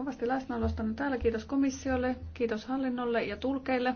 kovasti läsnäolostanne no täällä. Kiitos komissiolle, kiitos hallinnolle ja tulkeille.